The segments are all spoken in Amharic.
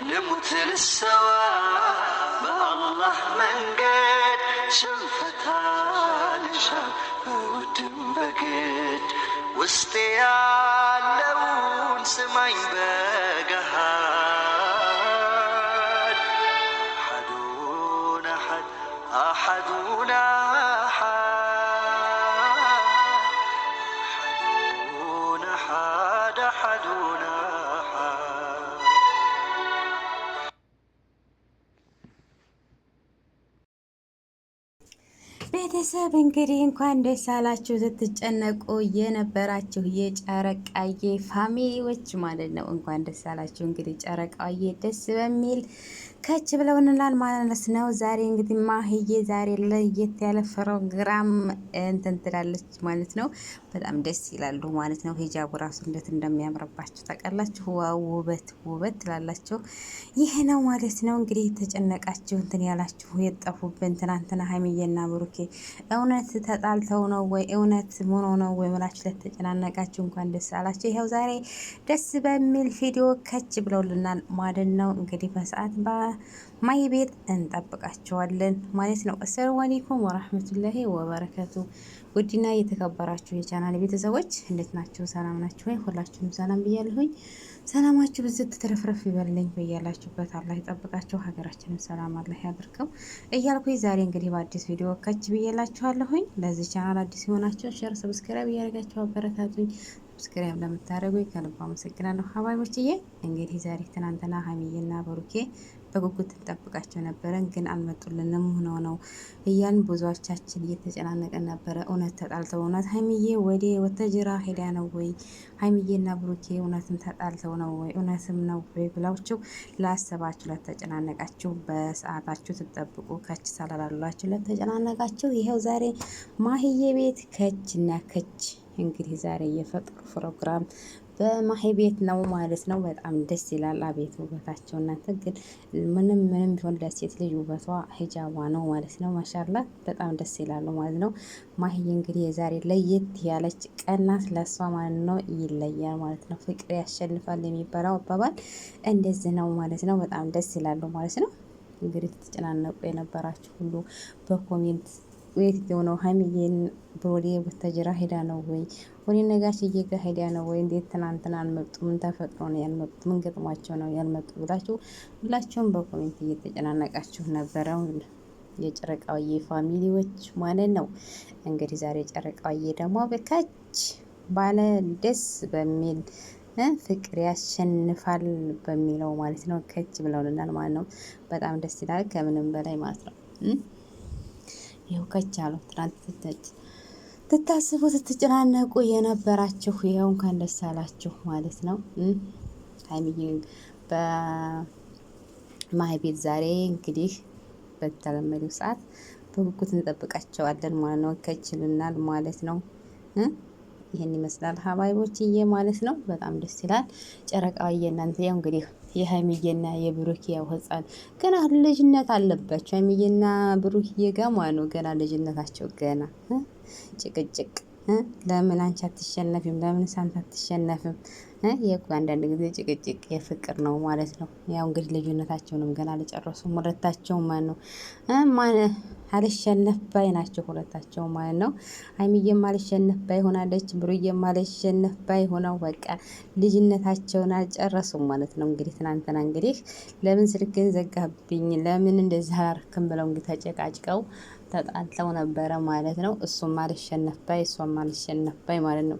لمت للسواب الله من قد شفتها لشاف ودم بقيت وسطي يعلون سمعي بقهاد حدون أحد أحد ቤተሰብ እንግዲህ እንኳን ደስ አላችሁ ስትጨነቁ የነበራችሁ የጨረቃዬ ፋሚሊዎች ማለት ነው። እንኳን ደስ አላችሁ። እንግዲህ ጨረቃዬ ደስ በሚል ከች ብለው እንላል ማለት ነው። ዛሬ እንግዲህ ማህዬ ዛሬ ለየት ያለ ፕሮግራም እንትን ትላለች ማለት ነው። በጣም ደስ ይላሉ ማለት ነው። ሂጃቡ ራሱ እንዴት እንደሚያምርባችሁ ታውቃላችሁ። ዋው ውበት ውበት ትላላችሁ። ይህ ነው ማለት ነው። እንግዲህ የተጨነቃችሁ እንትን ያላችሁ የጠፉብን ትናንትና ሀይሚዬና ብሩኬ እውነት ተጣልተው ነው ወይ እውነት ሆኖ ነው ወይ ምላችሁ ለተጨናነቃችሁ እንኳን ደስ አላችሁ። ይኸው ዛሬ ደስ በሚል ቪዲዮ ከች ብለውልናል ማለት ነው። እንግዲህ በሰዓት ማይ ቤት እንጠብቃቸዋለን ማለት ነው። አሰላሙ አሌይኩም ወራህመቱላሂ ወበረከቱ። ውድና የተከበራችሁ የቻናል ቤተሰቦች እንዴት ናችሁ? ሰላም ናችሁ ወይ? ሁላችሁም ሰላም ብያለሁኝ። ሰላማችሁ ብዝት ትረፍረፍ ይበልልኝ ብያላችሁበት አላህ ይጠብቃችሁ፣ ሀገራችንም ሰላም አላህ ያድርገው እያልኩኝ ዛሬ እንግዲህ በአዲስ ቪዲዮ ከች ብዬላችኋለሁኝ። ለዚህ ቻናል አዲስ የሆናችሁ ሸር፣ ሰብስክራይብ እያደረጋችሁ አበረታቱኝ። ሰብስክራይብ ለምታደርጉኝ ከልብ አመሰግናለሁ። ሀባይቦችዬ እንግዲህ ዛሬ ትናንትና ሀሚዬና ብሩኬ በጉጉት እንጠብቃቸው ነበረን፣ ግን አልመጡልንም። ሆኖ ነው እያን ብዙዎቻችን እየተጨናነቀ ነበረ። እውነት ተጣልተው እውነት ሀሚዬ ወዴ ወተጅራ ሄዳ ነው ወይ ሀሚዬና ብሩኬ እውነትም ተጣልተው ነው ወይ እውነትም ነው ወይ ብላችሁ ላሰባችሁ ለተጨናነቃችሁ፣ በሰዓታችሁ ትጠብቁ ከች ሳላላሏችሁ ለተጨናነቃችሁ፣ ይኸው ዛሬ ማህዬ ቤት ከች ከችና ከች እንግዲህ ዛሬ የፈጠሩ ፕሮግራም በማሂ ቤት ነው ማለት ነው። በጣም ደስ ይላል። አቤት ውበታቸው እናንተ! ግን ምንም ምንም ቢሆን ለሴት ልጅ ውበቷ ሂጃቧ ነው ማለት ነው። ማሻላ በጣም ደስ ይላሉ ማለት ነው። ማሂ እንግዲህ የዛሬ ለየት ያለች ቀናት ለሷ ማለት ነው። ይለያል ማለት ነው። ፍቅር ያሸንፋል የሚባለው አባባል እንደዚህ ነው ማለት ነው። በጣም ደስ ይላሉ ማለት ነው። እንግዲህ ትጨናነቁ የነበራችሁ ሁሉ በኮሜንት የት የሆነው ሀይሚዬን ብሮዴ ቡታጅራ ሄዳ ነው ወይ ወደ ነጋሽ ጋ ሄዳ ነው ወይ? እንዴት ትናንትና አልመጡም? ምን ተፈጥሮ ነው ያልመጡ ምን ገጥሟቸው ነው ያልመጡ ብላችሁ ሁላችሁም በኮሜንት እየተጨናነቃችሁ ነበረው የጨረቃዬ ፋሚሊዎች ማለት ነው። እንግዲህ ዛሬ ጨረቃዬ ደግሞ በካች ባለ ደስ በሚል ፍቅር ያሸንፋል በሚለው ማለት ነው ከች ብለውልናል ማለት ነው። በጣም ደስ ይላል ከምንም በላይ ማለት ነው። ይኸው ከች አለው። ትናንት ትታስቡ ትትጨናነቁ የነበራችሁ ይኸው እንኳን ደስ አላችሁ ማለት ነው። ሀይሚዬ ቤት ዛሬ እንግዲህ በተለመደው ሰዓት በጉጉት እንጠብቃቸዋለን ማለት ነው። ከችልናል ማለት ነው። ይህን ይመስላል ሀባይቦችዬ ማለት ነው። በጣም ደስ ይላል። ጨረቃ የእናንተ ያው እንግዲህ የሀይሚዬና የብሩክ ያው ህፃን ገና ልጅነት አለባቸው። ሀይሚዬና ብሩክ ጋ ነው ገና ልጅነታቸው ገና ጭቅጭቅ። ለምን አንቺ አትሸነፊም? ለምን ሳንት አትሸነፍም? የቁ አንዳንድ ጊዜ ጭቅጭቅ የፍቅር ነው ማለት ነው። ያው እንግዲህ ልዩነታቸውንም ገና አልጨረሱም። ሁለታቸው ማን ነው ማን አልሸነፍ ባይ ናቸው ሁለታቸው ማለት ነው። ሀይሚዬም አልሸነፍ ባይ ሆናለች፣ ብሩዬም አልሸነፍ ባይ ሆነው በቃ ልጅነታቸውን አልጨረሱም ማለት ነው። እንግዲህ ትናንትና እንግዲህ ለምን ስልክን ዘጋብኝ፣ ለምን እንደዚህ አላርክም ብለው እንግዲህ ተጨቃጭቀው ተጣልተው ነበረ ማለት ነው። እሱም አልሸነፍ ባይ እሷም አልሸነፍ ባይ ማለት ነው።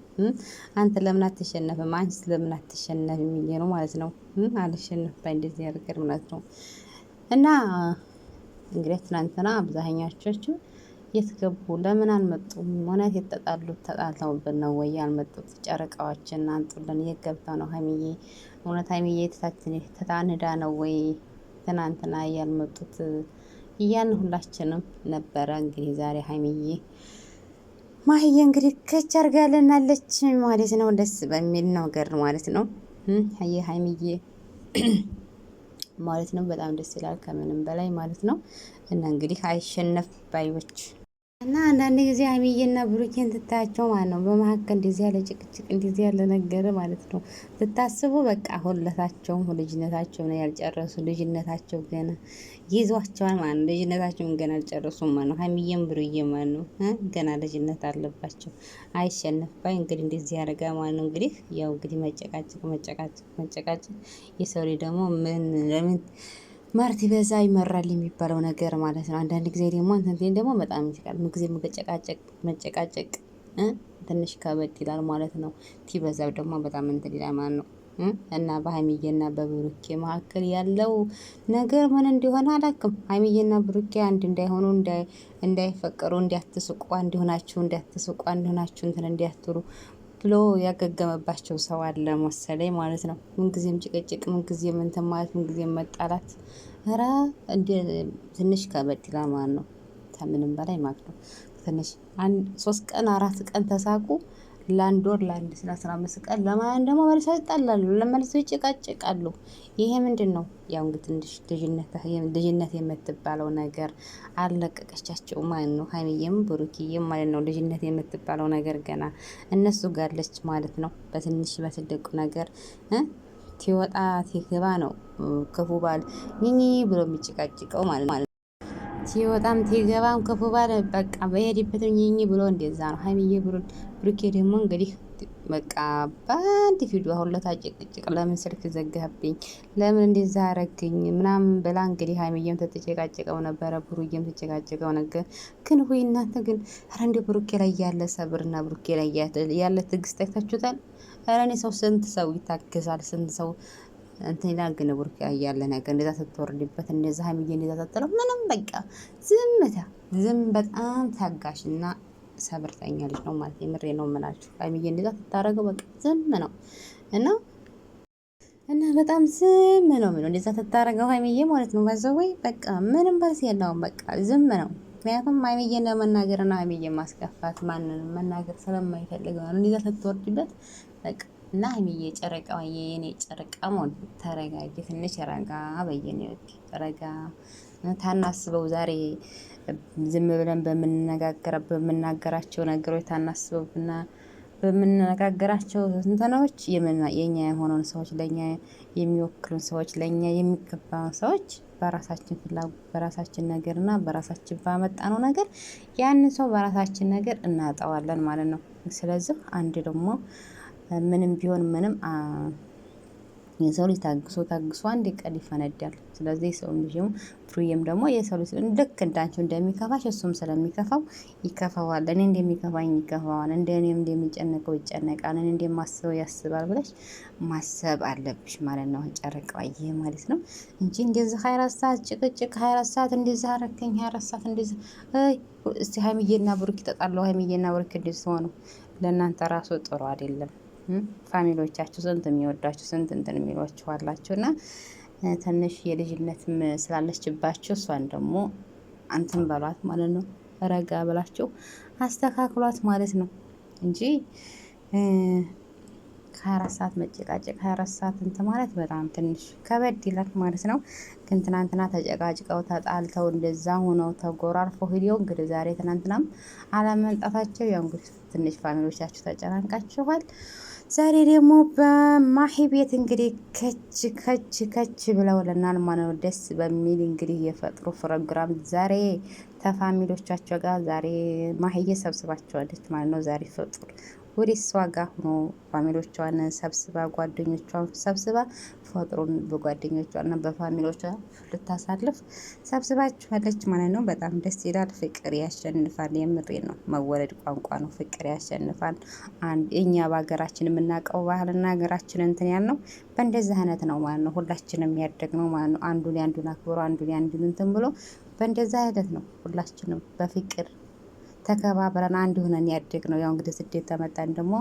አንተ ለምን አትሸነፍም? አንቺ ለምን አትሸነፍ? የሚል ነው ማለት ነው። አልሸነፍ ባይ እንደዚህ ያርገር ማለት ነው እና እንግዲህ ትናንትና አብዛኛቻችሁ የት ገቡ? ለምን አልመጡም? እውነት የተጣሉት ተጣልተውብን ነው ወይ ያልመጡት? ጨረቃዎችን አንጡልን። የት ገብተው ነው ሀይሚዬ? እውነት ሀይሚዬ ተታንዳ ነው ወይ ትናንትና ያልመጡት? እያን ሁላችንም ነበረ። እንግዲህ ዛሬ ሀይሚዬ ማህዬ እንግዲህ ከች አርጋለናለች ማለት ነው። ደስ በሚል ነገር ማለት ነው ይህ ሀይሚዬ ማለት ነው። በጣም ደስ ይላል ከምንም በላይ ማለት ነው። እና እንግዲህ አይሸነፍ ባዮች እና አንዳንድ ጊዜ ሀይሚዬና ብሩኬን ትታያቸው ማለት ነው። በመካከል እንደዚህ ያለ ጭቅጭቅ እንደዚህ ያለ ነገር ማለት ነው። ስታስቡ በቃ ሁለታቸውም ልጅነታቸው ነው ያልጨረሱ ልጅነታቸው ገና ይዟቸዋል ማለት ነው። ልጅነታቸውን ገና አልጨረሱም ማለት ነው። ሀይሚዬም ብሩዬ ማለት ነው ገና ልጅነት አለባቸው። አይሸነፍ ባይ እንግዲህ እንደዚህ ያደርጋ ማለት ነው። እንግዲህ ያው እንግዲህ መጨቃጨቅ መጨቃጨቅ መጨቃጨቅ የሰው ልጅ ደግሞ ምን ለምን ማርቲ በዛ ይመራል የሚባለው ነገር ማለት ነው። አንዳንድ ጊዜ ደግሞ አንተንቴን ደግሞ በጣም ይችላል ምጊዜ መጨቃጨቅ ትንሽ ከበድ ይላል ማለት ነው። ቲበዛብ ደግሞ በጣም እንትን ይላል ማለት ነው። እና በሀይሚዬና በብሩኬ መካከል ያለው ነገር ምን እንዲሆነ አላውቅም። ሀይሚዬና ብሩኬ አንድ እንዳይሆኑ እንዳይፈቀሩ፣ እንዲያትስቁ፣ አንድ ሆናችሁ እንዳትስቁ፣ አንድ ሆናችሁ እንትን እንዲያትሩ ብሎ ያገገመባቸው ሰው አለ መሰለኝ ማለት ነው። ምንጊዜም ጭቅጭቅ፣ ምንጊዜም እንትን ማለት፣ ምንጊዜም መጣላት ራ እንደ ትንሽ ከበድ ይላል ማለት ነው። ከምንም በላይ ማለት ነው። ትንሽ ሶስት ቀን አራት ቀን ተሳቁ ለአንድ ወር ለአንድ ስለ አስራ አምስት ቀን ለማያን ደግሞ መልሰው ይጣላሉ፣ ለመልሰው ይጭቃጭቃሉ። ይሄ ምንድን ነው? ያው እንግዲህ ትንሽ ልጅነት የምትባለው ነገር አለቀቀቻቸው ማለት ነው። ሀይሚዬም ብሩክዬም ማለት ነው። ልጅነት የምትባለው ነገር ገና እነሱ ጋር አለች ማለት ነው። በትንሽ በትልቁ ነገር ትወጣ ቲገባ ነው ክፉ ባል ኝኝ ብሎ የሚጭቃጭቀው ማለት ነው። ሲወጣም ሲገባም ክፉ ባለ በቃ በሄድበት ኝኝ ብሎ እንደዛ ነው ሀይሚዬ ብሎ ብሩኬ ደግሞ እንግዲህ በቃ በአንድ ፊዱ አሁን ለታ ጭቅጭቅ ለምን ስልክ ዘጋብኝ ለምን እንደዛ አረግኝ ምናምን ብላ እንግዲህ ሀይሚዬም ተጨቃጨቀው ነበረ፣ ብሩዬም ተጨቃጭቀው ነገር ግን ሁይ እናንተ ግን ኧረ እንደ ብሩኬ ላይ ያለ ሰብርና ብሩኬ ላይ ያለ ትዕግስት ታይታችሁታል? ኧረ እኔ ሰው ስንት ሰው ይታገሳል? ስንት ሰው እንትን ይላል። ግን ቡርኪ ያለ ነገር እንደዛ ስትወርድበት እንደዛ ሀይሚዬ እንደዛ ስትለው ምንም በቃ ዝምታ ዝም በጣም ታጋሽና ሰብርተኛ ልጅ ነው ማለት የምሬ ነው የምላችሁ። ሀይሚዬ እንደዛ ስታደርገው በቃ ዝም ነው እና እና በጣም ዝም ነው የሚለው እንደዛ ስታደርገው ሀይሚዬ ማለት ነው። ባዘወይ በቃ ምንም በርስ የለውም በቃ ዝም ነው። ምክንያቱም ሀይሚዬን ለመናገርና ሀይሚዬን ማስከፋት ማንንም መናገር ስለማይፈልግ ነው እንደዛ ስትወርድበት በቃ እና ሀይሚዬ ጨረቃዋ የኔ ጨረቃ ሞን ተረጋጊ፣ ትንሽ ረጋ በየኔ ወድ ረጋ ታናስበው። ዛሬ ዝም ብለን በምንነጋገራ በምናገራቸው ነገሮች ታናስበው ብና በምንነጋገራቸው እንትኖች የኛ የሆነውን ሰዎች ለእኛ የሚወክሉን ሰዎች ለእኛ የሚገባውን ሰዎች በራሳችን ፍላጎት በራሳችን ነገርና በራሳችን ባመጣ ነው ነገር ያንን ሰው በራሳችን ነገር እናጠዋለን ማለት ነው። ስለዚህ አንድ ደግሞ ምንም ቢሆን ምንም የሰው ልጅ ታግሶ ታግሶ አንድ ቀን ይፈነዳል። ስለዚህ ሰው ልጅም ፍሩዬም ደግሞ የሰው ልጅ ልክ እንዳንቺው እንደሚከፋሽ እሱም ስለሚከፋው ይከፋዋል። እኔ እንደሚከፋኝ ይከፋዋል፣ እንደ እኔም እንደሚጨነቀው ይጨነቃል፣ እኔ እንደማስበው ያስባል ብለሽ ማሰብ አለብሽ ማለት ነው። ጨረቃዋ ይህ ማለት ነው እንጂ እንደዚህ ሀያ አራት ሰዓት ጭቅጭቅ፣ ሀያ አራት ሰዓት እንደዚህ አረከኝ፣ ሀያ አራት ሰዓት እንደዚህ እስቲ ሀይሚዬና ብሩክ ይጠጣለሁ፣ ሀይሚዬና ብሩክ እንደዚህ ሆኑ ለእናንተ ራሱ ጥሩ አይደለም። ፋሚሊዎቻችሁ ስንት የሚወዷችሁ ስንት እንትን የሚሏችሁ እና ትንሽ የልጅነትም ስላለችባችሁ እሷን ደግሞ አንትን በሏት ማለት ነው። ረጋ ብላችሁ አስተካክሏት ማለት ነው እንጂ ከአራት ሰዓት መጨቃጨቅ ከአራት ሰዓት እንትን ማለት በጣም ትንሽ ከበድ ይላል ማለት ነው። ግን ትናንትና ተጨቃጭቀው ተጣልተው እንደዛ ሆነው ተጎራርፎ ሂዲዮ እንግዲህ ዛሬ ትናንትናም አለመምጣታቸው ያው እንግዲህ ትንሽ ፋሚሊዎቻችሁ ተጨናንቃችኋል። ዛሬ ደግሞ በማሂ ቤት እንግዲህ ከች ከች ከች ብለው ማለት ነው። ደስ በሚል እንግዲህ የፈጥሮ ፕሮግራም ዛሬ ተፋሚሎቻቸው ጋር ዛሬ ማሂዬ ሰብስባቸዋለች ማለት ነው። ዛሬ ፈጥሮ ወደ እሷ ጋር ሆኖ ፋሚሎቿን ሰብስባ ጓደኞቿን ሰብስባ ፈጥሮን በጓደኞቿና በፋሚሎቿ ልታሳልፍ ሰብስባችኋለች ማለት ነው። በጣም ደስ ይላል። ፍቅር ያሸንፋል። የምሬ ነው። መወለድ ቋንቋ ነው። ፍቅር ያሸንፋል። አንድ እኛ በሀገራችን የምናውቀው ባህልና ሀገራችን እንትን ያል ነው። በእንደዚህ አይነት ነው ማለት ነው። ሁላችንም ነው ማለት ነው። አንዱን ያንዱን አክብሮ አንዱን ያንዱን እንትን ብሎ በእንደዚህ አይነት ነው። ሁላችንም በፍቅር ተከባብረን አንድ ሆነን ያደግ ነው። ያው እንግዲህ ስደት ተመጣን ደግሞ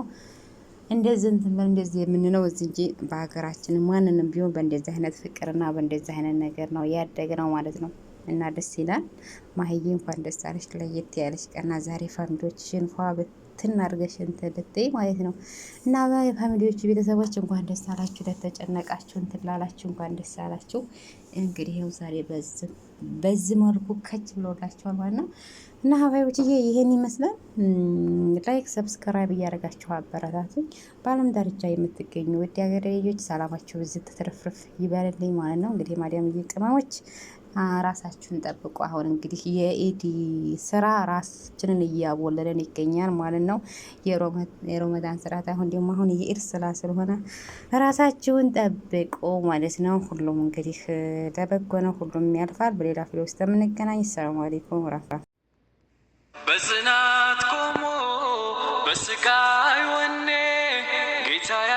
እንደዚህ እንትን እንደዚህ የምንነው እዚህ እንጂ በሀገራችን ማንንም ቢሆን በእንደዚህ አይነት ፍቅርና በእንደዚህ አይነት ነገር ነው ያደግ ነው ማለት ነው። እና ደስ ይላል። ማህዬ እንኳን ደስ አለሽ፣ ለየት ያለሽ ቀና ዛሬ ፋሚሊዎችሽን ፏ ብትን አድርገሽ እንትን ልትይ ማለት ነው። እና የፋሚሊዎች ቤተሰቦች እንኳን ደስ አላችሁ፣ ለተጨነቃችሁ እንትን ላላችሁ እንኳን ደስ አላችሁ። እንግዲህ ይኸው ዛሬ በዝም በዚህ መልኩ ከች ብሎላቸዋል ማለት ነው። እና ሀባዮችዬ ይሄን ይመስላል። ላይክ ሰብስክራይብ እያደረጋችሁ አበረታትኝ። በአለም ዳርቻ የምትገኙ ውድ ሀገሬ ልጆች ሰላማችሁ ብዝት ትርፍርፍ ይበልልኝ ማለት ነው። እንግዲህ ማዲያም ቅመሞች ራሳችሁን ጠብቁ። አሁን እንግዲህ የኢድ ስራ ራሳችንን እያቦለለን ይገኛል ማለት ነው። የሮመዳን ስርዓት አሁን ደግሞ አሁን የኢድ ስራ ስለሆነ ራሳችሁን ጠብቁ ማለት ነው። ሁሉም እንግዲህ ለበጎ ነው፣ ሁሉም ያልፋል። በሌላ ፊል ውስጥ የምንገናኝ። ሰላም አሌይኩም ራፍራ በጽናት ቆሞ በስቃይ ወኔ ጌታያ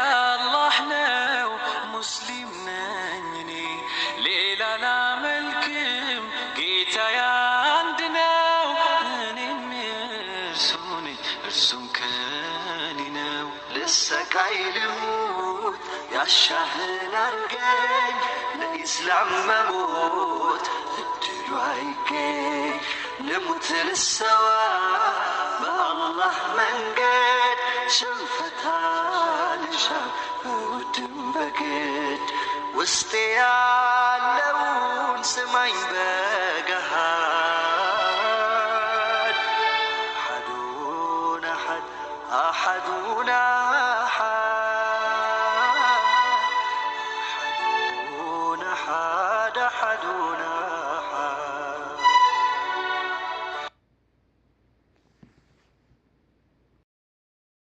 السكاي لهوت يا الشهل ارجاي لإسلام مموت قتلو هيكاي نموت للسوا بالله منجد شنفتها لشام ودم بقيت وسطي ያለውን ስማኝ በገሃድ አሐዱን አሐድ አሐዱን